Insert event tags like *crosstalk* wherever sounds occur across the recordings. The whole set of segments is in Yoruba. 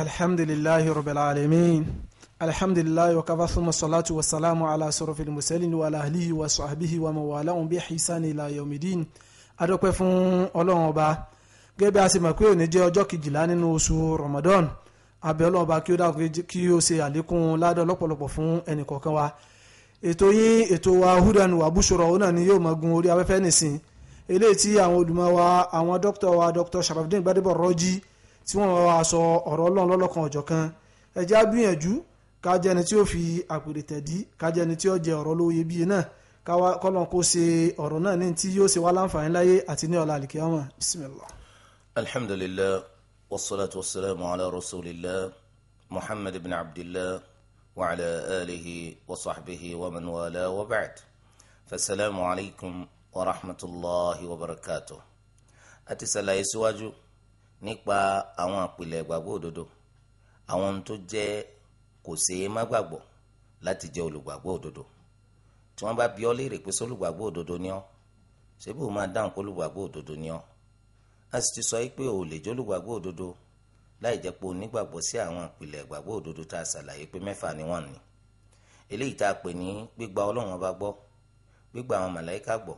alhamdulillahi rabbil alamin alhamdulillahi wa kafa thumma salatu wa salamu ala asrafil mursalin wa ala ahlihi wa sahbihi wa mawalahum bi ihsan ila yawmidin adọ́pẹ́ fún ọlọ́run ọba gẹ́gẹ́ bí a ṣe mọ̀ pé òní jẹ́ ọjọ́ kejìlá nínú oṣù ramadan abẹ́ ọlọ́run ọba kí ó dákun kí ó ṣe àlékún ládọ́ lọ́pọ̀lọpọ̀ fún ẹnìkọ̀ọ̀kan wa ètò yín ètò wa hudan wa bushra òun náà ni yóò máa gun orí afẹ́fẹ́ nìsín eléyìí tí àwọn olùmọ̀ wa àwọn dókítà wa dr sharafdin rọ́jí tí wọ́n máa sọ ọ̀rọ̀ ọlọ́run lọ́lọ́kan ọ̀jọ̀kan ẹ jẹ́ á gbìyànjú ká jẹ́ ẹni tí ó fi àpèrè tẹ̀dí ká jẹ́ ẹni tí ó jẹ ọ̀rọ̀ lówó iyebíye náà káwa kọ́lọ́n kó ṣe ọ̀rọ̀ náà ní tí yóò ṣe wá láǹfààní láyé àti ní ọ̀la àlìkíyàmọ̀ bisimilá. alhamdulilayi wasalaatu wasalaamu ala rasulillah muhammad ibn abdillah wa ala alihi wa sahbihi wa man wa ba'd fasalaamu alaykum wa rahmatulahi wa barakatuh àti sàlàyé síwájú nípa àwọn àpìlẹ̀ ìgbàgbọ́ òdodo àwọn ohun tó jẹ́ kò ṣeé má gbàgbọ́ láti jẹ́ olùgbàgbọ́ òdodo tí wọ́n bá bi ọ́ léèrè pé sólùgbàgbọ́ òdodo ni ọ́ ṣé bí o máa dáhùn kó lùgbàgbọ́ òdodo ni ọ́ a sì ti sọ pé o lè jẹ́ olùgbàgbọ́ òdodo láì jẹ́ pé o nígbàgbọ́ sí àwọn àpìlẹ̀ ìgbàgbọ́ òdodo tá a ṣàlàyé pé mẹ́fà ni wọ́n ní eléyìí tá a pè ní gbígba ọlọ́run ọba gbọ́ gbígba àwọn màláíkà gbọ́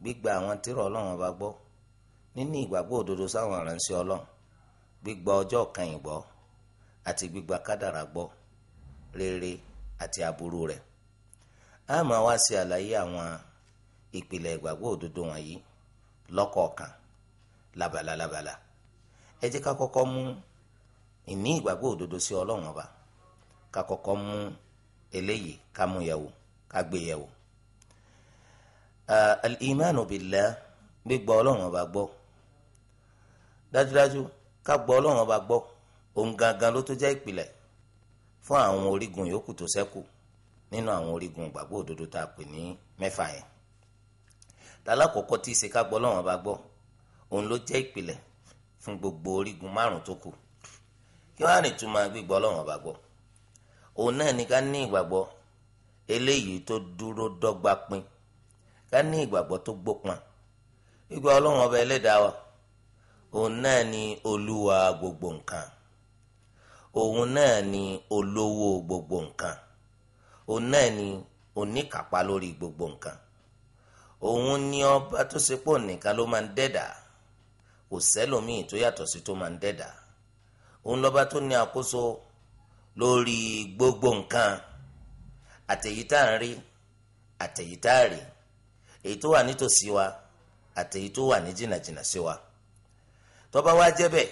gbígba àwọn tírà ọlọ́run ọba gbọ́ níní ìgbàgbọ́ òdodo sáwọn ìránṣẹ́ ọlọ́run gbígba ọjọ́ kẹyìn gbọ́ àti gbígba kádàrá gbọ́ rere àti aburú rẹ̀ a máa wá sí àlàyé àwọn ìpìlẹ̀ ìgbàgbọ́ òdodo wọ̀nyí lọ́kọ̀ọ̀kan labala labala ẹ jẹ́ ká kọ́kọ́ mú ìní ìgbàgbọ́ òdodo sí ọlọ́run ọba ká kọ́kọ́ mú eléyìí ká mú yẹ̀wò ká gbé yẹ̀wò al-imanu billah gbígba ọba gbọ́ dájúdájú ká gbọ́ ọlọ́run ọba gbọ́ òun gangan ló tó jẹ́ ìpìlẹ̀ fún àwọn orígun yòókù tó ṣẹ́kù nínú àwọn orígun ìgbàgbọ́ òdodo tá a pè ní mẹ́fà yẹn tàlákọ̀ọ́kọ́ tí í ṣe ká gbọ́ ọlọ́run ọba gbọ́ òun ló jẹ́ ìpìlẹ̀ fún gbogbo orígun márùn tó kù kí wọ́n rìn túmọ̀ gbígbọ́ ọlọ́run ọba gbọ́ òun náà ni ká ní ìgbàgbọ́ eléyìí tó dúró dọ́gba pin ká ní ìgbàgbọ́ tó gbópọn ìgbà ọlọ́run ọba ẹlẹ́dàá wa òun náà ni olúwa gbogbo nǹkan òun náà ni olówó gbogbo nǹkan òun náà ni oníkápá lórí gbogbo nǹkan òun ni ọba tó ṣe pọ̀ nìkan ló máa ń dẹ́dà kò sẹ́lòmíì tó yàtọ̀ sí tó máa ń dẹ́dà òun lọ́ba tó ní àkóso lórí gbogbo nǹkan àtẹ̀yí tá à ń rí àtẹ̀yí tá à rí èyí tó wà nítòsí wa àtẹ̀yí tó wà ní jìnnàjìnnà sí wa tó bá wá jẹ́ bẹ́ẹ̀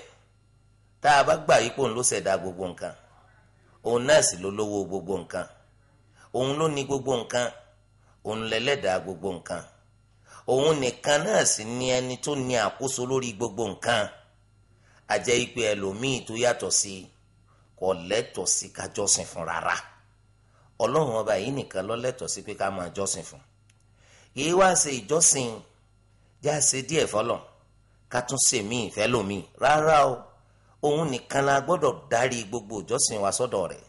tá a bá gbà yípo òun ló ṣẹ̀dá gbogbo nǹkan òun náà sì ló lówó gbogbo nǹkan òun ló ní gbogbo nǹkan òun lẹ́lẹ́dàá gbogbo nǹkan òun nìkan náà sì ni ẹni tó ní àkóso lórí gbogbo nǹkan àjẹ́ ipe ẹlòmíì tó yàtọ̀ sí kò lẹ́tọ̀ sí ká jọ́sìn fún rárá ọlọ́run ọba yìí nìkan ló lẹ́tọ̀ sí pé ká máa jọ́sìn fún yìí wá ṣe ìjọ́sìn já ṣe díẹ̀ fọlọ́n ká tún ṣe mí ìfẹ́ lómi rárá o òun nìkan la gbọ́dọ̀ darí gbogbo ìjọsìn wa sọ́dọ̀ rẹ̀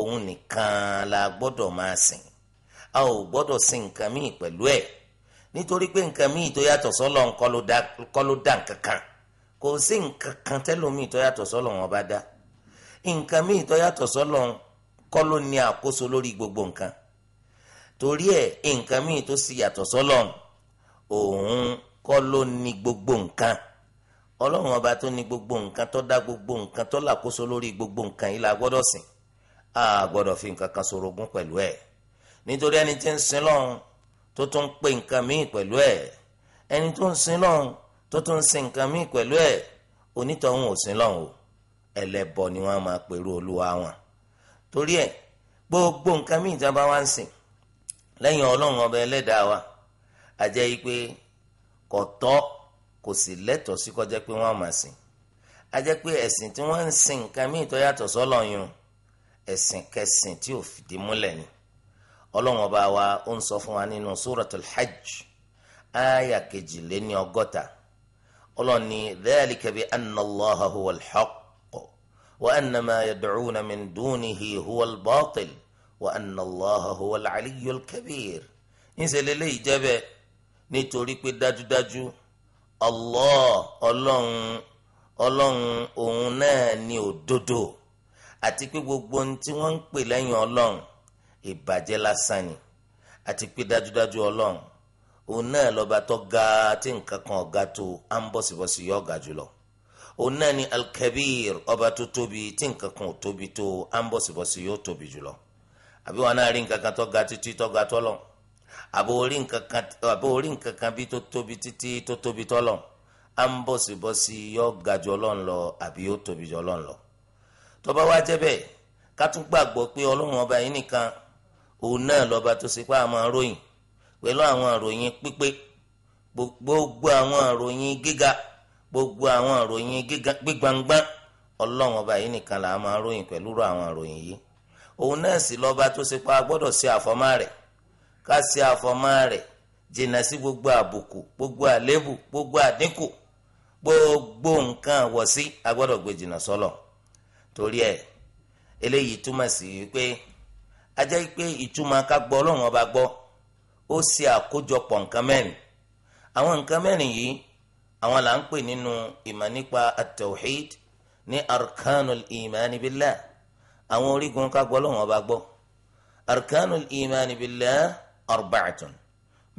òun nìkan la gbọ́dọ̀ máa sìn a ò gbọ́dọ̀ sìn nǹkan míì pẹ̀lú ẹ̀ nítorí pé nǹkan míì tó yàtọ̀ sọ́lọ̀ ńkọ́ ló dá nǹkan kan kò sí nǹkan kan tẹ́lòmíì tó yàtọ̀ sọ́lọ̀ wọn bá dá nǹkan míì tó yàtọ̀ sọ́lọ̀ ńkọ́ ló ní àkóso lórí gbogbo nǹkan torí ẹ̀ nǹkan míì tó sì yàtọ̀ sọ́lọ̀ òun kọ́ ló ní gbogbo nǹkan ọlọ́run ọba tó ní gbogbo nǹkan tó dá gbogbo nǹkan tó làkóso lórí gbogbo nǹkan yìí la gbọ́dọ̀ sìn a gbọ́dọ̀ fi nǹkan kan sorogún pẹ̀lú ẹ̀ nítorí ẹni tí ń sin lọ́run tó tún ń pe nǹkan míì pẹ̀lú ẹ̀ ẹni tó ń sin lọ́run tó tún ń sin nǹkan míì pẹ̀lú ẹ̀ onítọ̀hún ò sin lọ́run o ẹlẹ́bọ ni wọ́n máa pèrú olúwa wọn torí ẹ̀ gbogbo nǹkan míì tí wọ́n ń sìn lẹ́yìn ọlọ́run ọba ẹlẹ́dàá wa àjẹ́ yìí pé kò tọ́ kò sì lẹ́tọ̀ọ́ sí kọjá pé wọ́n á máa sìn á jẹ́ pé ẹ̀sìn tí wọ́n ń sìn nǹkan míì tó yàtọ̀ sọ́lọ́ yun ẹ̀sìn kẹsìn tí ò fìdí múlẹ̀ ni ọlọ́run ọba wa ó ń sọ fún wa nínú suratul hajj aya kejìléní ọgọ́ta ọlọ́run ní dhalika bi anna huwal haqq wa anna ma yad'una min huwal batil wa anna huwal aliyyul kabir ń ṣe lélẹ́yìí jẹ́ nítorí pé dájúdájú Allah ọlọ́run ọlọ́run òun náà ni òdodo àti pé gbogbo ohun tí wọ́n ń pè lẹ́yìn ọlọ́run ìbàjẹ́ lásán ni àti pé dájúdájú ọlọ́run òun náà lọ́ba tó ga tí nǹkan kan ọ̀gá tó à ń bọ̀sibọ̀si yọ ọ̀gá jùlọ òun náà ni alkabir ọba tó tóbi tí nǹkan kan ò tóbi tó à ń bọ̀sibọ̀si yóò tóbi jùlọ àbí wọn náà rí nǹkan kan tó ga títí tó ga tó lọ́wọ́ àbò orí nǹkan kan bí tó tóbi títí tó tóbi tọ́lọ̀ à ń bọ̀sibọ́sí yọ ga jù ọlọ́run lọ àbí yóò tóbi jù ọlọ́run lọ. tó bá wá jẹ́ bẹ́ẹ̀ ká tún gbàgbọ́ pé ọlọ́run ọba yìí nìkan òun náà lọ́ba tó ṣe pé a máa ròyìn pẹ̀lú àwọn àròyìn pípé gbogbo àwọn àròyìn gíga gbogbo àwọn àròyìn gbígbangba ọlọ́run ọba yìí nìkan là á máa ròyìn pẹ̀lú àwọn àròyìn yìí òun náà sì lọ́ba tó ṣe pé a gbọ́dọ̀ ṣe àfọ́mọ́ rẹ̀ ká ṣe àfọmọ́ rẹ̀ jìnnà sí gbogbo àbùkù gbogbo àlébù gbogbo àdínkù gbogbo nǹkan wọ̀sí a gbọ́dọ̀ gbé jìnnà sọ́lọ̀ torí ẹ̀ eléyìí túmọ̀ sí pé a jẹ́ pé ìtumọ̀ ká gbọ́ ọlọ́run ọba gbọ́ ó ṣe àkójọpọ̀ nǹkan mẹ́rin àwọn nǹkan mẹ́rin yìí àwọn là ń pè nínú ìmọ̀ nípa at-tawhid ní arkanul imani billah àwọn orígun ká gbọ́ ọlọ́run ọba gbọ́ arkanul imani billah arba'atun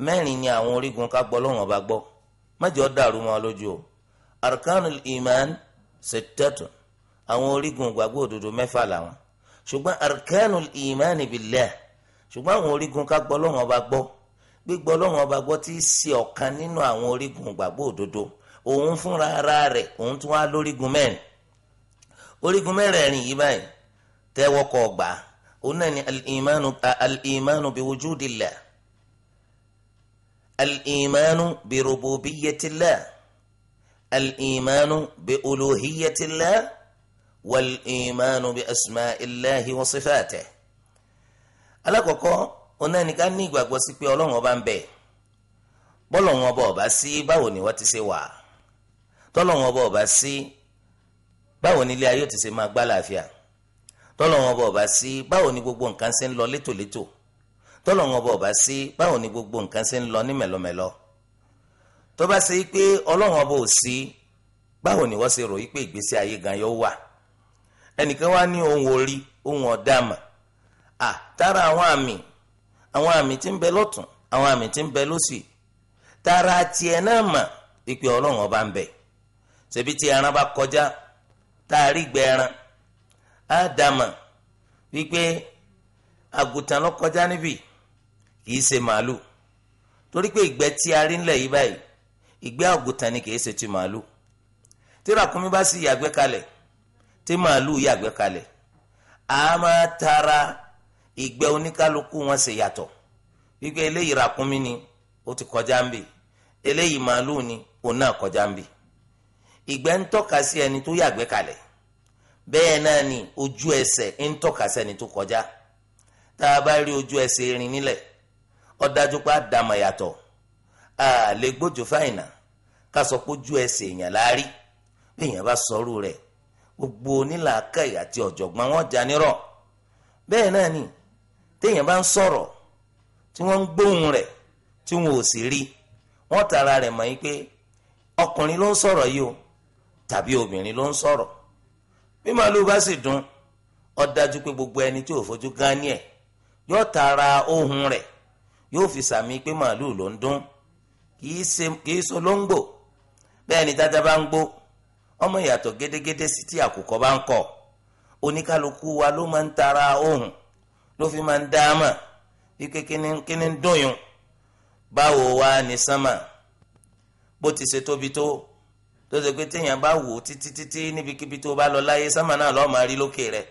mẹ́rin ni àwọn orígun ká gbọ́ lọ́wọ́n bá gbọ́ mẹ́jọ dàrú mọ́ lójú o arkanul iman sittatun àwọn orígun gbàgbọ́ òdodo mẹ́fà làwọn ṣùgbọ́n arkanul iman billah ṣùgbọ́n àwọn orígun ká gbọ́ lọ́wọ́n bá gbọ́ gbígbọ́ lọ́wọ́n bá gbọ́ tí í ṣe nínú àwọn orígun gbàgbọ́ òdodo òun fúnra ara rẹ̀ òun tún wá lórígun mẹ́rin orígun mẹ́rẹ̀ẹ̀rin yìí báyìí tẹ́wọ́ kọ́ gbàá òun náà ni al-imanu al-imanu bi wujudillah al-imanu bi rububiyatillah al-imanu bi uluhiyatillah wal-imanu bi asma'illahi wa sifatihi. alákọ̀ọ́kọ́ òun náà ni ká ní ìgbàgbọ́ sí pé ọlọ́run ọba ń bẹ bọ́lọ̀run ọba ọba sí báwo ni wọ́n ti ṣe wà tọ́lọ́run ọba ọba sí báwo ni ilé ayé ti ṣe máa gbá láàfíà. tọ́lọ́wọ́n ọba bá sí báwo ni gbogbo nǹkan ṣe ń lọ létòlétò tọ́lọ́wọ́n bọ̀ bá sí báwo ni gbogbo nǹkan ṣe ń lọ ní mẹ̀lọmẹ̀lọ tó bá ṣe pé ọlọ́wọ́n bọ̀ sí báwo ni wọ́n ṣe rò pé ìgbésí ayé gan yóò wà ẹnìkan wá ní ohun orí ohun ọ̀dàmà à tára àwọn àmì àwọn àmì tí ń bẹ lọ́tún àwọn àmì tí ń bẹ lọ́sì tára tiẹ̀ náà mà ìpè ọlọ́wọ́n bá ń bẹ ṣebí tí ẹran bá kọjá tá a rí gbẹ ẹran ádámà wípé àgùntàn ló kọjá níbì kìí ṣe màálù torí pé ìgbẹ́ tí a rí ńlẹ̀ yìí báyìí ìgbẹ́ àgùntàn ni kìí ṣe ti màálù tí ràkúnmí bá sì yàgbẹ́ kalẹ̀ tí màálù yàgbẹ́ kalẹ̀ a máa tara ìgbẹ́ oníkálukú wọn ṣe yàtọ̀ wípé eléyìí ràkúnmí ni ó ti kọjá ń bì eléyìí màálù ni òun náà kọjá ń bì ìgbẹ́ ń tọ́ka sí ẹni tó yàgbẹ́ kalẹ̀ bẹ́ẹ̀ náà ni ojú ẹsẹ̀ ń tọ́ka sẹ́ni tó kọjá tá a bá rí ojú ẹsẹ̀ erin nílẹ̀ ó dájú pé àdàmọ̀ yàtọ̀ a lè gbójú fáìnà ká sọ pé ojú ẹsẹ̀ èèyàn láárí bí èèyàn bá sọrú rẹ̀ gbogbo onílàákàyè àti ọ̀jọ̀gbọ́n wọn já nírọ̀ bẹ́ẹ̀ náà ni téèyàn bá ń sọ̀rọ̀ tí wọ́n ń gbóhùn rẹ̀ tí wọn ò sì rí wọ́n tara rẹ̀ mọ́ yín pé ọkùnrin ló ń sọ̀rọ̀ yìí o tàbí obìnrin ló ń sọ̀rọ̀ bí màálù bá sì dùn ọ dájú pé gbogbo ẹni tí ò fojú gání ẹ yóò tara ohun rẹ yóò fi sàmì pé màálù ló ń dún kìí so ló ń gbò bẹ́ẹ̀ ni dáadáa bá gbó ọmọ ìyàtọ̀ gédégédé sí tí àkùkọ bá ń wa ló máa tara ohun ló fi máa ń dá a mọ̀ wípé ń dùn báwo wá sánmà bó tó ṣe pé téèyàn bá wò ó títí títí níbikíbi tó bá lọ láyé sámà náà lọ́ọ́ máa rí lókè rẹ̀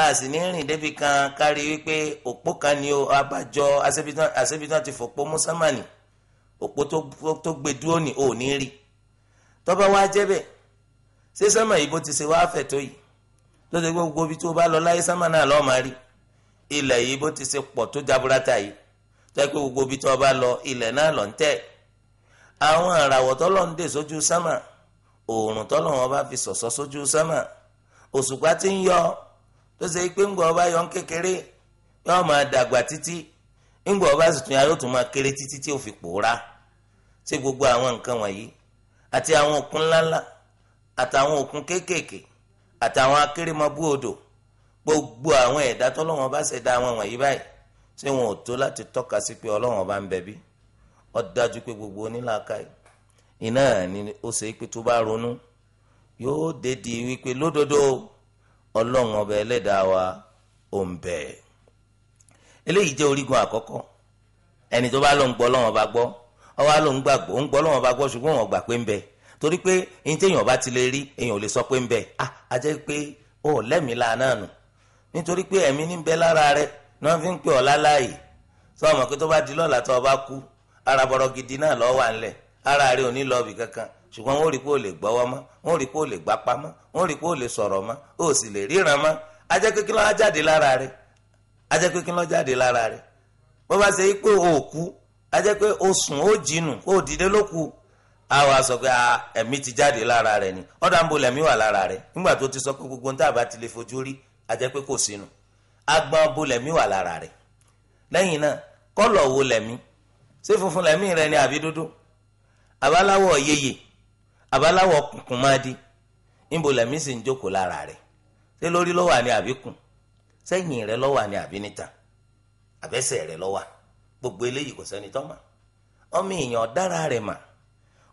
a sì ní rìn débi kan kárí wípé òpó kan ni o abàjọ àṣebitán ti fòpó mùsàmánì òpó tó gbé dúró ní o ò ní rí tó bá wá jẹ́ bẹ́ẹ̀ ṣé sámà yìí bó ti ṣe wá fẹ̀ tó yìí tó ṣe gbogbo ibi tó bá lọ láyé sámà náà lọ́ọ́ máa rí ilẹ̀ yìí ti ṣe pọ̀ tó jaburata yìí tó pé gbogbo ibi tó bá lọ ilẹ̀ náà lọ́ àwọn àràwọ̀ tọ́lọ́run dè sójú sámà oòrùn tọ́lọ́run ọba fi sọ̀sọ́ sójú sámà òṣùpá ti ń yọ tó ṣe pé ńgbà ọba yọ ń kékeré yóò máa dàgbà títí ńgbà ọba sì tún yà yóò tún máa kéré títí tí ó fi pòórá ṣé gbogbo àwọn nǹkan wọ̀nyí àti àwọn òkun ńláńlá àtàwọn òkun kéékèèké àtàwọn akérèmọ́bú odò gbogbo àwọn ẹ̀dá tọ́lọ́run ọba ṣẹ̀dá àwọn wọ̀nyí báyìí ṣé wọn ò tó láti tọ́ka sí pé ọlọ́run ọba ń bẹ bí? ó dájú pé gbogbo onílàákàyè iná ni ó ṣe pé tó bá ronú yóò dédi wípé lódodo ọlọ́run ọba ẹlẹ́dàá wa ò ń bẹ. eléyìí jẹ́ orígun àkọ́kọ́ ẹni tó bá lọ ń gbọ́ ọlọ́run ọba gbọ́ ọwọ́ ló ń gbàgbọ́ ń gbọ́ ọlọ́run ọba gbọ́ ṣùgbọ́n wọn gbà pé ń bẹ torí pé ní téèyàn bá ti lè rí èèyàn ò lè sọ pé ń bẹ ah a jẹ́ pé ó lẹ́mìí lànà nù nítorí pé ẹ̀mí ní bẹ lára rẹ náà fi ń pè ọ́ láláyè sọ ọmọ pé tó bá di lọ́la tó o bá kú ara gidi náà lọ́ wà ńlẹ̀ ara rẹ̀ ò ní lọ bì kankan ṣùgbọ́n wọ́n rí pé ó lè gbọ́wọ́ mọ́ wọ́n rí pé ó lè gbapá mọ́ wọ́n rí pé ó lè sọ̀rọ̀ mọ́ ó sì lè ríran mọ́ ajẹ́ pé kí jáde lára rẹ̀ ajẹ́ jáde lára bó bá ṣe pé o kú pé o sùn ah, ti jáde lára ni ń bo wà ṣé funfun lẹ́mí rẹ ni àbí dúdú àbáláwọ̀ yeye àbáláwọ̀ kùnkùn máa di níbo lẹ́mí sì ń jókòó lára lori ṣé lórí abi kun àbí kùn sẹ́yìn rẹ ló ni àbí níta àbẹ́sẹ̀ rẹ gbogbo eléyìí kò sẹ́ni tó mà ọmọ èèyàn dára rẹ̀ mà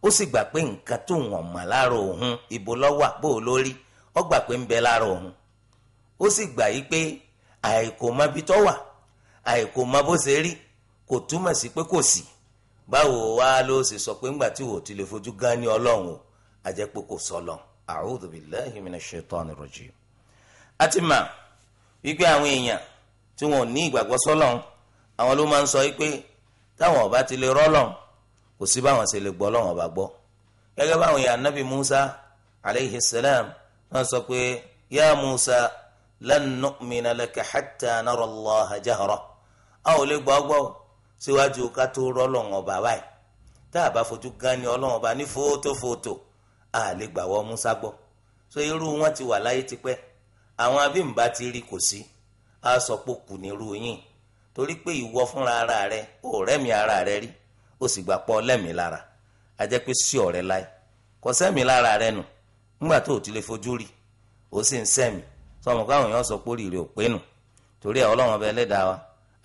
ó sì gbà pé nǹkan tó wọ̀n mà lára òun ibo ló bó o lórí gbà pé ń bẹ lára òun ó sì gbà yí pé àìkò kò túmọ̀ sí pé kò sí báwo wá ló ṣe sọ pé ńgbà tí wò ó ti lè fojú gan ní ọlọ́run o àjẹpẹ́ kò sọ lọ a'udhu billahi minash shaitani rajim. a ti mà wípé àwọn èèyàn tí wọn ò ní ìgbàgbọ́ sọ́lọ́run àwọn ló máa ń sọ wípé táwọn ọba ti lè rọ́lọ́run kò sí báwọn ṣe lè gbọ́ lọ́wọ́n ọba gbọ́ gẹ́gẹ́ báwọn èèyàn Nabi Musa alayhi salam wọ́n sọ pé ya Musa lan nu'mina laka hatta nara Allaha jahra a síwájú ká tó rọ́lọ́wọ́n ọba báyìí tá a bá fojú gan ni ọlọ́wọ́n ọba ní fótófótó a lè gbà wọ́n musa gbọ́ so irú wọn ti wà láyé tipẹ́ àwọn abíǹbá ti rí kò sí a sọ pé kù ní irú yín torí pé ìwọ fúnra ara rẹ ò rẹ́mi ara rẹ rí ó sì gbà pọ́ lẹ́mi lára a jẹ́ pé sí ọ̀rẹ́ láyé kò sẹ́mi lára rẹ nù nígbà tó o ti lè fojú rí o sì ń sẹ́mi sọmọ káwọn èèyàn sọ pé oríire ò pé nù torí ẹ̀ ọlọ́wọ́n ọba ẹlẹ́dàá wa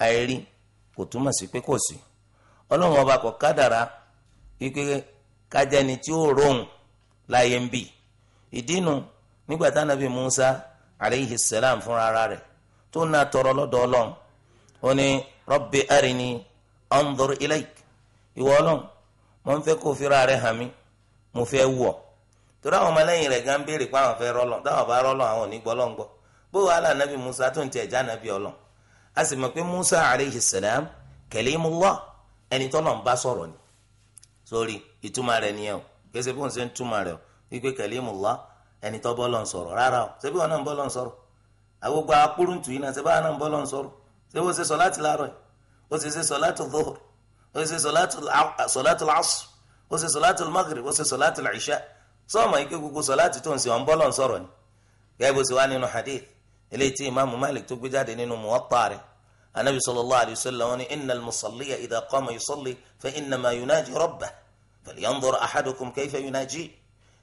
àìrí kò túmọ̀ sí pé kò sí ọlọ́run ọba kò kádàrá wípé kájẹni tí ó rohùn láyé ń bì ìdínú nígbà Musa aleyhi salam fúnra ara rẹ̀ tó náà tọrọ lọ́dọ̀ ọlọ́run ó ní Rabbi arini anzur ilayk ìwọ ọlọ́run mo ń fẹ́ kó fira rẹ̀ hàn mí mo fẹ́ wọ̀ torí àwọn béèrè pé àwọn táwọn bá Musa tó ń tiẹ̀ já nábì a sì mọ̀ pé Musa alayhi salam kalimullah ẹni tọ́lọ̀ ń bá sọ̀rọ̀ ni sórí ìtumọ̀ rẹ̀ nìyẹn o kẹsẹ̀ bí wọ́n ṣe ń túmọ̀ rẹ̀ o wípé kalimullah ẹni tọ́ bọ́lọ̀ ń sọ̀rọ̀ rárá o ṣebí wọn náà ń bọ́lọ̀ ń sọ̀rọ̀ àwògbà akúrúntù yìí náà ṣe báwọn náà ń bọ́lọ̀ ń sọ̀rọ̀ ṣé wọ́n ṣe sọ láti láàárọ̀ ó ṣe ṣe sọ láti dhuhr ó ṣe sọ láti sọ láti eléyìí tí imaamu malik tó gbé jáde nínú muwatta rẹ̀ anabi sallallahu alayhi wa sallam wọ́n ní innal musalliya idha qama yusalli fa innama yunaji rabbah falyanzur ahadukum kayfa yunaji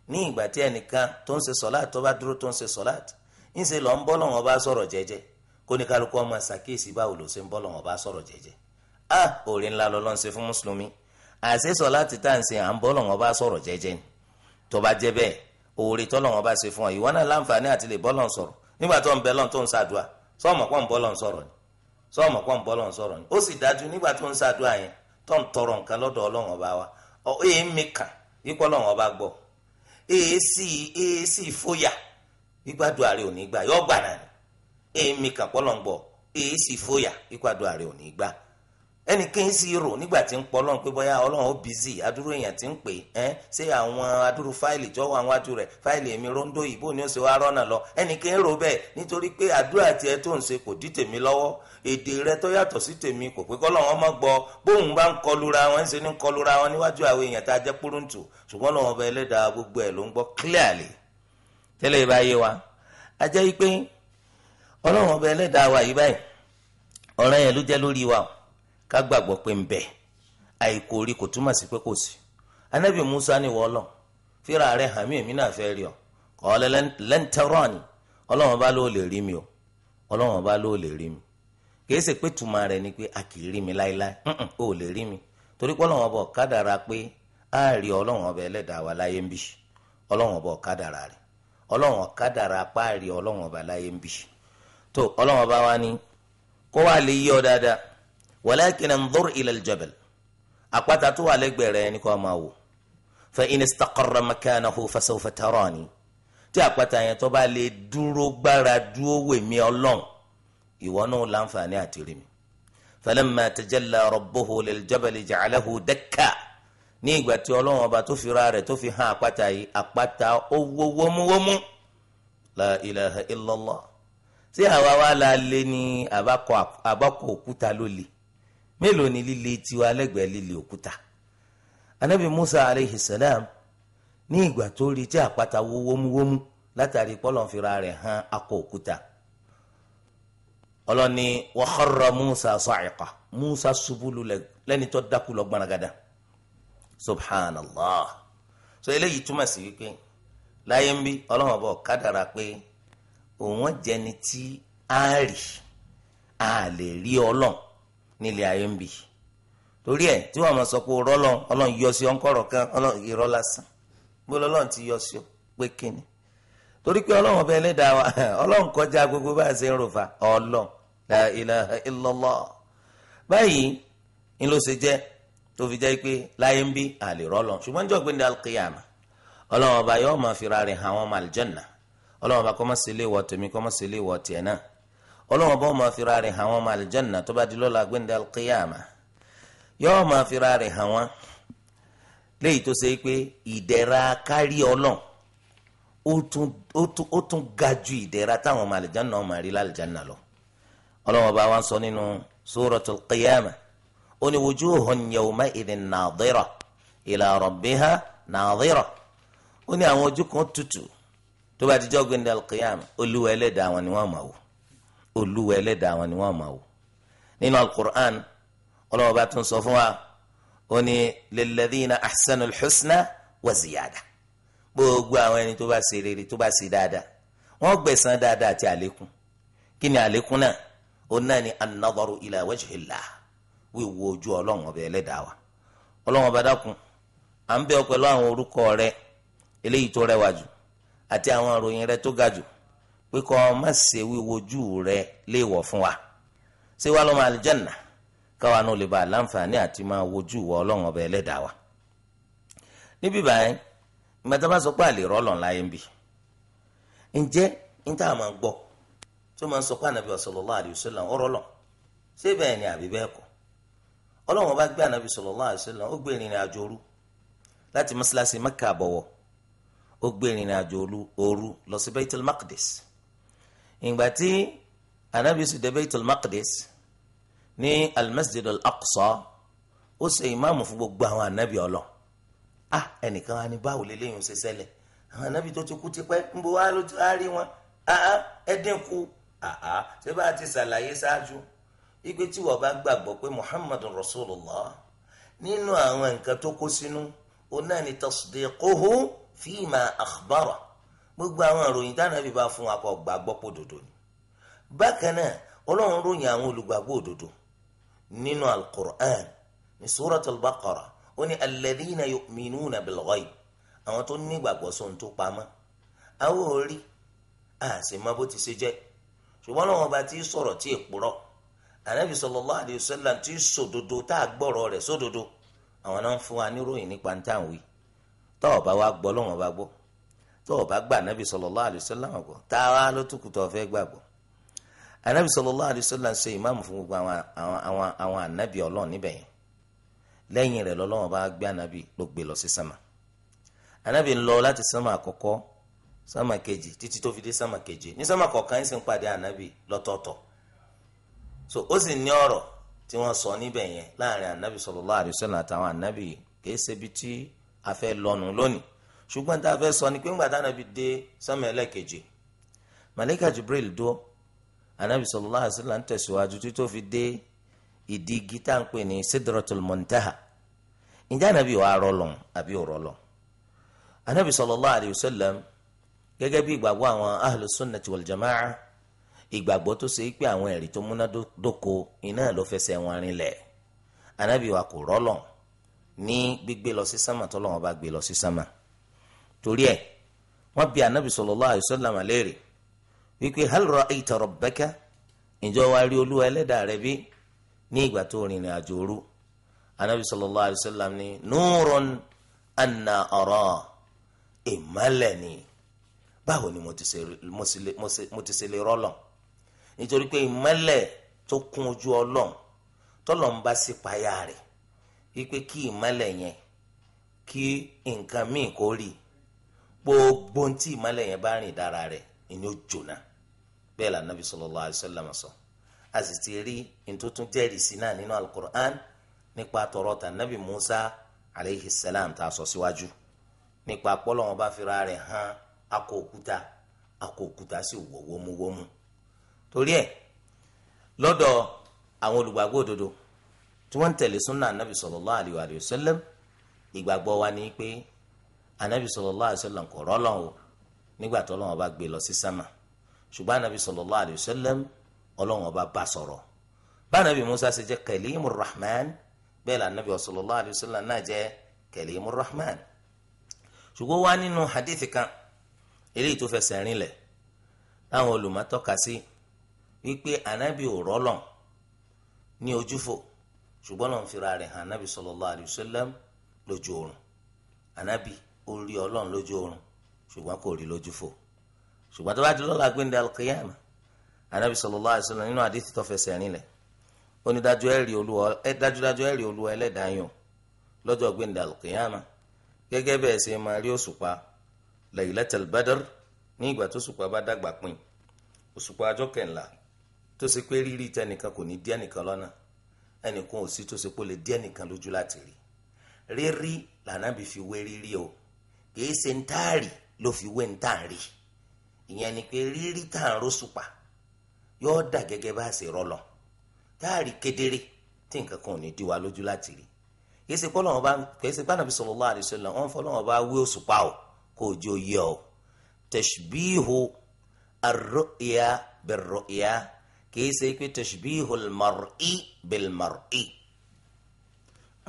ní ìgbà tí ẹnìkan tó ń ṣe sọláàtì tó bá dúró tó ń ṣe sọláàtì ń ṣe lọ ń bọ́ lọ́wọ́ bá sọ̀rọ̀ jẹ́jẹ́ kó ní kálukú ọmọ ṣàkíyèsí báwo ló ṣe ń bọ́ lọ́wọ́ bá sọ̀rọ̀ jẹ́jẹ́ a òrìn ńlá lọ́lọ́ ń ṣe fún mùsùlùmí àṣẹ sọláàtì tá à ń ṣe à ń bọ́ lọ́wọ́ bá sọ̀rọ̀ jẹ́jẹ́ ni tó bá jẹ́ bẹ́ẹ̀ òòrè tọ́lọ́wọ́ bá ṣe fún ọ ìwọ náà láǹfààní àti lè bọ́ lọ́wọ́ sọ̀rọ̀ nígbà tó ń bẹ lọ́n tó ń ṣàdúà sọ́ọ̀mọ̀ pọ̀ ń bọ́ lọ́n sọ̀rọ̀ ni sọ́ọ̀mọ̀ pọ̀ ń bọ́ lọ́n sọ̀rọ̀ ni ó sì dájú nígbà tó ń ṣàdúà yẹn tó ń tọrọ nǹkan lọ́dọ̀ ọlọ́run ọba wa èé mi kàn wípé ọlọ́run ọba gbọ́ èé sì èé sì fóyà gbígbádùn ààrẹ ò gbà yọ gbà náà èé mi kàn pọ́ lọ́n sì fóyà gbígbádùn ààrẹ ò gbà ẹnìkan sì rò nígbà tí ń pọ ọlọ́run pé bóyá ọlọ́run ó bìzì adúrú èèyàn ti ń pè é ṣé àwọn adúrú fáìlì tó wà wájú rẹ̀ fáìlì èmi rondo ìbò ni ó ṣe wá rọ́nà lọ ẹnìkan rò bẹ́ẹ̀ nítorí pé àdúrà tiẹ̀ tó ń ṣe kò dí tèmi lọ́wọ́ èdè rẹ tó yàtọ̀ sí tèmi kò pé kọ́lọ́run ọmọ gbọ́ bóun bá ń kọlura wọn ń ṣe ní kọlura wọn níwájú àwọn èèyàn tá a jẹ́ púrúǹtù ṣùgbọ́n lọ́wọ́ ọba ẹlẹ́dàá gbogbo clearly tẹ́lẹ̀ bá yé wa a jẹ́ pé ọlọ́run ọba ẹlẹ́dàá wa yìí ká gbàgbọ́ pé ń bẹ àìkò rí kò túmọ̀ sí pé kò sí anabi musa ni wọ́n lọ fíra rẹ̀ hàn mí èmi náà fẹ́ rí ọ kọ́lẹ́ lẹ́ńtẹ́rọ́ọ̀nì ọlọ́run bá ló lè rí mi o ọlọ́run bá ló lè rí mi kìí ṣe pé tùmọ̀ rẹ̀ ni pé a kì í rí mi láéláé ó lè rí mi torí pé ọlọ́run ọba ọ̀kadàra pé a rí ọlọ́run ọba ẹlẹ́dàá wa láyé ń bì ọlọ́run ọba ọ̀kadàra rẹ̀ ọlọ́run ọ̀kadàra pa rí ọlọ́run ọba láyé ń bì tó ọlọ́run ọba wa ni kó wá lè yí ọ dáadáa walakin anzur ila aljabal àpáta tó wà lẹ́gbẹ̀ẹ́ rẹ̀ ni kò máa wò fa in istaqarra makanahu fasawfa tarani tí àpáta yẹn tó bá lè dúró gbára dúró wèmí ọlọ́run ìwọ náà láǹfààní àti rí mi falamma tajalla rabbuhu liljabal ja'alahu dakka ní ìgbà tí ọlọ́run ọba tó fi ra rẹ̀ tó fi hàn àpáta yìí àpáta ó wó wómúwómú la ilaha illallah sí àwa wa la lé ní àbákọ òkúta ló le mélòó ni líle tiwa lẹ́gbẹ̀ẹ́ líle òkúta anabi musa aleyhi salam ní ìgbà tó rí tí àpáta wó wómúwómú látàrí pọ́lọ́n fira rẹ̀ hàn akọ òkúta ọlọ́ni wa musa sa'iqa musa ṣubú lulẹ̀ lẹ́ni tó dákú lọ gbanagada subhanallah so eléyìí túmọ̀ sí wípé láyé ń bí ọlọ́wọ́n bọ̀ kádàrà pé òun jẹni tí a rì a lè rí ọlọ́run nílé ayé ń bì torí ẹ tí wọn sọ pé rọlọ ọlọrun yọ sí kan Ọlọ́run irọ́ lásán gbọdọ Ọlọ́run ti yọ sí ọ pé torí pé Ọlọ́run ọbẹ Ẹlẹ́dàá wa *laughs* kọjá gbogbo bá a ṣe ń rò fa báyìí ń ló ṣe jẹ tó fi pé láyé ń àlè rọlọ gbé ní ọlọ́wọ́n bá máa fira rẹ̀ hàn wọ́n máa àlìjánná tó bá di lọ́la gbẹ̀ndẹ̀ alqiyama yọ́ọ́ máa fira rẹ̀ hàn wọ́n léyìí tó ṣe pé ìdẹ̀ra kárí ọlọ́n ó tún ga ju ìdẹ̀ra táwọn ọmọ àlìjánná ọmọ rí lálìjánná lọ ọlọ́wọ́n bá wá ń sọ nínú suratul qiyama ó ní wujuhun yawma'idhin nadira ila rabbiha nadira ó ní àwọn ojú kan tutù tó bá dijọ́ gbẹ̀ndẹ̀ alqiyama olúwa ẹlẹ́dàá wọn ni wọ́n máa wò olúwa ẹlẹ́dàá wọn ni wọ́n máa wò nínú alukur'an ọlọ́wọ́ bá tún sọ fún wa ó ní lilladhina ahsanul husna wa ziyada gbogbo àwọn ẹni tó bá ṣe rere tó bá ṣe dáadáa wọ́n gbẹ̀san dáadáa àti àlékún kí ni àlékún náà ó náà ní an-nadharu ila wajhillah wíwo ojú ọlọ́wọ́n ọba ẹlẹ́dàá wa ọlọ́wọ́n bá dákun à ń bẹ̀ ọ́ pẹ̀lú àwọn orúkọ rẹ eléyìí tó rẹwà jù àti àwọn ìròyìn rẹ tó ga jù pé kọ́ má ṣe wíwojú rẹ léèwọ̀ fún wa ṣé wàá lọ́mọ àlìjẹ́nà káwa náà lè ba àlàǹfààní àti máa wojú wọ ọlọ́run ọba ẹlẹ́dàá wa. níbí báyìí ìgbàdàn bá sọ pé àlè rọ́ lọ́n láyé ń bì ǹjẹ́ ń tá a máa gbọ́ tí ó máa ń sọ pé ànàbì sallallahu alaihi wasallam ọ̀rọ̀ lọ ṣé bẹ́ẹ̀ ni àbí bẹ́ẹ̀ kọ́ ọlọ́run ọba gbé ànàbì sallallahu alaihi ó gbé ìrìn àjò òru láti mọ́ṣáláṣí Mẹ́kà àbọ̀wọ̀ ó gbé ìrìn àjò òru lọ sí Baitul Maqdis ìgbà tí anabi yusuf dé Baitul Maqdis ní al-Masjid al-Aqsa ó ṣe ìmáàmù fún gbogbo àwọn anabi ọlọ ah ẹnìkan wa ni báwo lélẹ́yìn ṣe ṣẹlẹ̀ àwọn anabi tó ti kú ti pẹ́ ń bọ̀ wá ló ti wá rí wọn ah, ah, ẹ dínkù ah, ṣé bá a ti ṣàlàyé ṣáájú igbe tí wọ́n bá gbàgbọ́ pé muhammadun rasulullah nínú àwọn nǹkan tó kó sínú ó náà ni tasdiquhu gbogbo àwọn ìròyìn tánàbí bá fún akọ gbàgbọ́ pò dòdò ni bákan náà ọlọ́run ròyìn àwọn olùgbàgbọ́ òdodo nínú al-Qur'an ní suratul Baqara ó ní alladhina yu'minuna bil ghaib àwọn tó ní ìgbàgbọ́ sóhun tó pamọ́ àwọn orí àṣemọ́ bó ti ṣe jẹ́ ṣùgbọ́n lọ́wọ́n bá ti sọ̀rọ̀ tí èpùrọ̀ ànábì sallallahu alayhi wa ti sòdodo tá a gbọ́rọ̀ rẹ̀ sódodo àwọn náà ń fún wa níròyìn nípa ní táwọn wí tọ́ọ̀ bá wa gbọ́ lọ́wọ́n bá gbọ́ tó o bá gba anabi sallallahu alayhi wa sallam àgbọ ló tún kù tó o anabi gbogbo àwọn àwọn àwọn yẹn lẹ́yìn rẹ lọ́lọ́run bá gbé anabi ló gbé lọ sí anabi ń lọ láti sámà àkọ́kọ́ sámà kejì títí tó keje ní anabi so ó sì ní tí sọ yẹn láàrin anabi kì í ṣe ibi ṣùgbọ́n tá a fẹ́ sọ ni pé ńgbà tánábì dé sánmà ẹlẹ́keje màlẹ́kà Jibril dúró anábì sallallahu alaihi wasallam ń tẹ̀síwájú títí ó fi dé ìdí igi tá à ń pè ní Sidratul Muntaha ǹjẹ́ anábì wàá rọlọ́n àbí ò rọlọ́n anábì sallallahu alaihi wasallam gẹ́gẹ́ bí ìgbàgbọ́ àwọn ahlu sunnati wal jamaa ìgbàgbọ́ tó ṣe pé àwọn ẹ̀rí tó múnádóko iná ló fẹsẹ̀ wọn rinlẹ̀ anábì wa kò rọlọ́n ní gbígbé lọ sí sánmà tọ́lọ́wọ́n bá gbé lọ sí sánmà torí ẹ̀ wọ́n bi anabi sallallahu alaihi wasallam léèrè wípé hal ra'ayta rabbaka ǹjọ́ wa rí olúwa ẹlẹ́dàá rẹ bí ní ìgbà tó rìnrìn àjò òru anabi sallallahu alaihi wasallam ní nurun anna ara ìmọ́lẹ̀ ni báwo ni mo ti ṣe lè rọ́lọ̀ nítorí pé ìmọ́lẹ̀ tó kún ojú ọlọ́run tọ́lọ̀ ń bá sí payá rẹ̀ wípé kí ìmọ́lẹ̀ yẹn kí nǹkan míì kó rí i gbogbo ntí ìmọ́lẹ̀ yẹn bá rìn dára rẹ̀ ni ó jóná bẹ́ẹ̀ la nabi sallallahu alaihi sọ a sì ti rí ntuntun jẹ́rìí sí náà nínú alukur'an nípa tọrọ nabi musa aleyhi salam ta sọ síwájú nípa pọ́lọ́wọ́n bá fira rẹ̀ hàn akọ òkúta akọ òkúta sì torí lọ́dọ̀ àwọn olùgbàgbọ́ òdodo tí wọ́n ń tẹ̀lé sunna anabi sallallahu alayhi wa sallam kò rọ́lọ́n o nígbà tó Ọlọ́run bá gbé lọ sí sámà ṣùgbọ́n anabi sallallahu alayhi wa sallam Ọlọ́run bá bá sọ̀rọ̀ bá anabi musa ṣe jẹ́ kalimur rahman bẹ́ẹ̀ la anabi sallallahu alayhi wa sallam náà jẹ́ kalimur rahman ṣùgbọ́n wá nínú hadithi kan eléyìí tó fẹsẹ̀ rinlẹ̀ táwọn olùmọ̀ tọ́ka sí wípé anabi ò rọ́lọ́n ní ojúfò ṣùgbọ́n lọ́n fira rẹ̀ hàn anabi sallallahu alayhi lójú oorun anabi ó rí ọlọ́run lójú oorun ṣùgbọ́n kò rí lójú fò ṣùgbọ́n tó bá di lọ́la alkiyama anabi nínú àdìsí tó fẹsẹ̀ ó ní ẹ̀rí olúwa ẹlẹ́dàá lọ́jọ́ gbẹ̀ndẹ̀ alkiyama gẹ́gẹ́ bẹ́ẹ̀ ṣe máa rí òṣùpá laylatul ní ìgbà tó ṣùpá bá dàgbà pin òṣùpá kẹ̀ńlá tó ṣe pé rírí kò ní lọ́nà kìí ṣe ń táàrí ló fi wé ń táàrí ìyẹn ni pé rírí tààrọ sùpà yóò dà gẹ́gẹ́ bá a ṣe rọlọ táàrí kedere tí nǹkan kan ò ní di lójú láti rí kìí ṣe pọ́lọ́wọ́n bá kìí ṣe pánàbí sallallahu alaihi wasallam wọ́n fọlọ́wọ́n bá wé òṣùpá o kó jó yẹ o tashbihu ar-ru'ya bir-ru'ya kìí ṣe pé tashbihu al-mar'i bil-mar'i.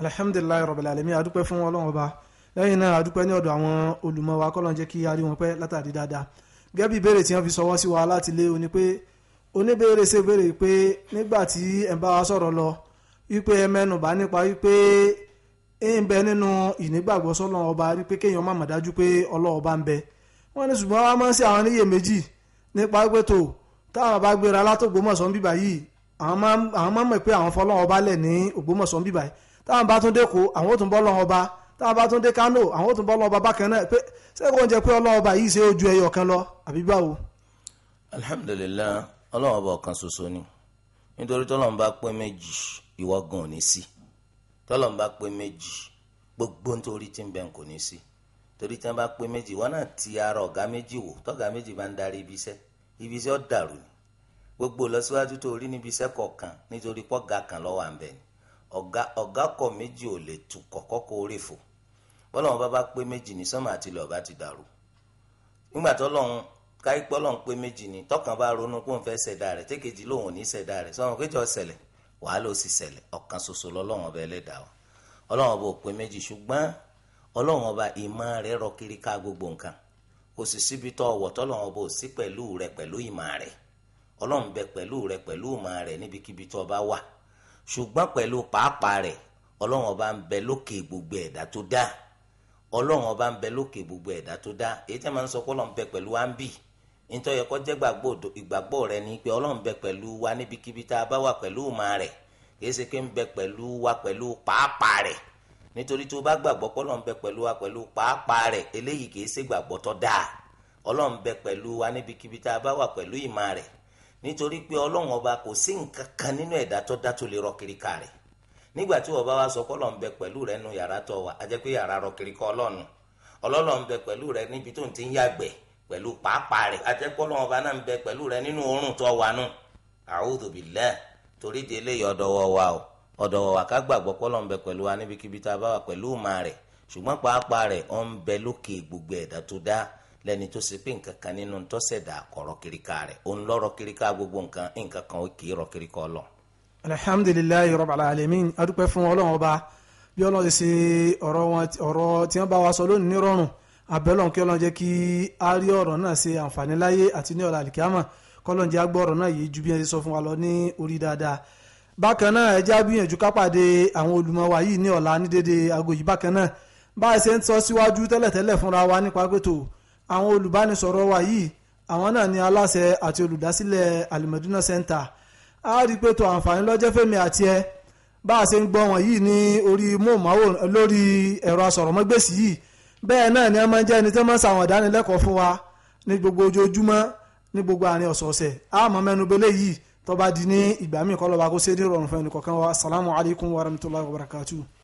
alhamdulilayi rabbil alamin a dúpẹ́ fún Ọlọ́run Ọba lẹ́yìn náà àdúpẹ́ ní ọ̀dọ̀ àwọn olùmọ̀ wa kọ́ ló ń jẹ́ kí a rí wọn pẹ́ látàrí dáadáa gẹ́gẹ́ bí ìbéèrè tí wọ́n fi sọwọ́ sí wa láti lé oní pé oníbéèrè ṣe béèrè pé nígbà tí ẹ̀ ń bá wa sọ̀rọ̀ lọ wípé ẹ mẹ́nubà nípa wípé ń bẹ nínú ìnígbàgbọ́ sọ́lọ́ ọba wípé kéèyàn má mọ̀ dájú pé ọlọ́ọba ń bẹ wọ́n ní ṣùgbọ́n wá máa ń ṣe àwọn níyè méjì nípa wípé tó táwọn bá gbéra látògbómọ̀ṣọ́ ń bíbà yìí àwọn máa ń mọ̀ pé àwọn fọlọ́ọ̀ ọba lẹ̀ ní ògbómọ̀ṣọ́ ń bíbà yìí táwọn bá tún dẹ́kọ̀ọ́ àwọn ò tún bọ́ lọ́wọ́ ọba tá a bá tún dé Kánò àwọn ò tún bọ́ lọ́ọ̀bà bákan náà pé sẹ́kọ̀ọ́ ń jẹ́ pé ọlọ́ọ̀bà yìí ṣe ojú ẹyọ kan lọ àbí báwo. alhamdulilayi ọlọ́wọ́n bá ọ̀kan ṣoṣo ni nítorí tọ́lọ́n bá pé méjì ìwọ gan ò ní sí tọ́lọ́n bá pé méjì gbogbo nítorí tí ń bẹ̀ kò ní sí torí tí wọ́n bá pé méjì wọ́n náà ti ara ọ̀gá méjì wò tọ́gá méjì bá ń darí ibi iṣẹ́ ibi iṣẹ́ ó dàrú ni gbogbo lọ́síwájú tó rí níbi iṣẹ́ kọ̀ọ̀kan nítorí pọ́gà kan lọ́wọ́ à ń bẹ̀ ni ọ̀gá ọ̀gá kọ̀ méjì ò lè tu kọ̀kọ́ kó fò bọ́lọ́run bá bá pé méjì ní sánmà àti ilẹ̀ ọ̀bá ti dàrú nígbà tọ́lọ́run káyí pọ́lọ́run pé méjì ní tọkàn bá ronú kó n fẹ́ ṣẹ̀dá rẹ̀ tékejì lòun ò ní ṣẹ̀dá rẹ̀ sọ́run kéjọ ṣẹlẹ̀ wàhálà ó sì ṣẹlẹ̀ ọ̀kan ṣoṣo lọ́lọ́run ọba ẹlẹ́dàá wa ọlọ́run ọba ò pé méjì ṣùgbọ́n ọlọ́run ọba ìmọ̀ rẹ̀ rọ kiri ká gbogbo nǹkan kò sì síbi tọ́ ọ̀wọ̀ tọ́lọ́run ọba ò sí pẹ̀lú rẹ̀ pẹ̀lú ìmọ̀ rẹ̀ ọlọ́run bẹ pẹ̀lú rẹ̀ pẹ̀lú ìmọ̀ rẹ̀ níbikíbi tọ́ ọba wà ṣùgbọ́n pẹ̀lú pàápàá rẹ̀ ọlọ́run ọba ń bẹ lókè gbogbo ẹ̀dá tó dáa ọlọ́run ọba ń bẹ lókè gbogbo ẹ̀dá tó dá èyí tẹ́ máa ń sọ pé ọlọ́run bẹ pẹ̀lú wa ń bì nítorí ẹ̀kọ́ jẹ́ ìgbàgbọ́ rẹ ni pé ọlọ́run bẹ pẹ̀lú wa níbikíbi tá a bá wà pẹ̀lú ìmọ̀ rẹ̀ kìí ṣe pẹ̀lú wa pẹ̀lú pàápàá rẹ̀ nítorí tó bá gbàgbọ́ pé ọlọ́run pẹ̀lú nígbà tí ọba bá sọ pé ọlọ́run bẹ rẹ nu yàrá tó wà á jẹ́ pé yàrá rọ kiri kọ́ bẹ rẹ níbi tó ń ti ń yàgbẹ́ pẹ̀lú pàápàá rẹ á jẹ́ pé ọlọ́run ọba náà ń bẹ rẹ nínú oorun tó wà nù wa o wọ wa ká pé bẹ wa níbikíbi tá gbogbo tó dá tó ṣe pé nǹkan kan nínú tọ́sẹ̀dá alhamdulilayi rabbil alamin adúpẹ́ fún ọlọ́run ọba bí ọlọ́run ṣe ọ̀rọ̀ wọn ọ̀rọ̀ tí wọ́n bá wa sọ lónìí nírọ̀rùn abẹ́lọ́n kí ọlọ́run jẹ́ kí a rí ọ̀rọ̀ náà ṣe àǹfààní láyé àti ní ọ̀la àlìkámà kọ́lọ́n jẹ́ agbọ́ ọ̀rọ̀ náà yìí ju bí wọ́n ṣe sọ fún wa lọ ní orí dáadáa bákan náà ẹ jẹ́ agbìyànjú ká pàdé àwọn olùmọ̀ wa yìí ní ọ̀la ní dédé aago yìí bákan náà bá a ṣe ń sọ síwájú tẹ́lẹ̀tẹ́lẹ̀ fúnra wa nípa pé àwọn olùbánisọ̀rọ̀ wa yìí àwọn náà ni aláṣẹ àti olùdásílẹ̀ al Center a rí i pé tó àǹfààní lọ́jẹ́ fẹ́mi àti ẹ bá a ṣe ń gbọ́ wọn yìí ní orí móhùnmáwòrán lórí ẹ̀rọ asọ̀rọ̀mọ́gbèsì yìí bẹ́ẹ̀ náà ni a máa ń jẹ́ ẹni tó máa ń ṣàwọn ìdánilẹ́kọ̀ọ́ fún wa ní gbogbo ojoojúmọ́ ní gbogbo àárín ọ̀sọ̀ọ̀sẹ̀ a máa mẹ́nu belé yìí tó bá di ní ìgbà míì kọ́ lọ́ba kó ṣe é ní ìrọ̀rùn fún ẹnì kọ̀ọ̀kan wa alaikum warahmatullahi wabarakatuh.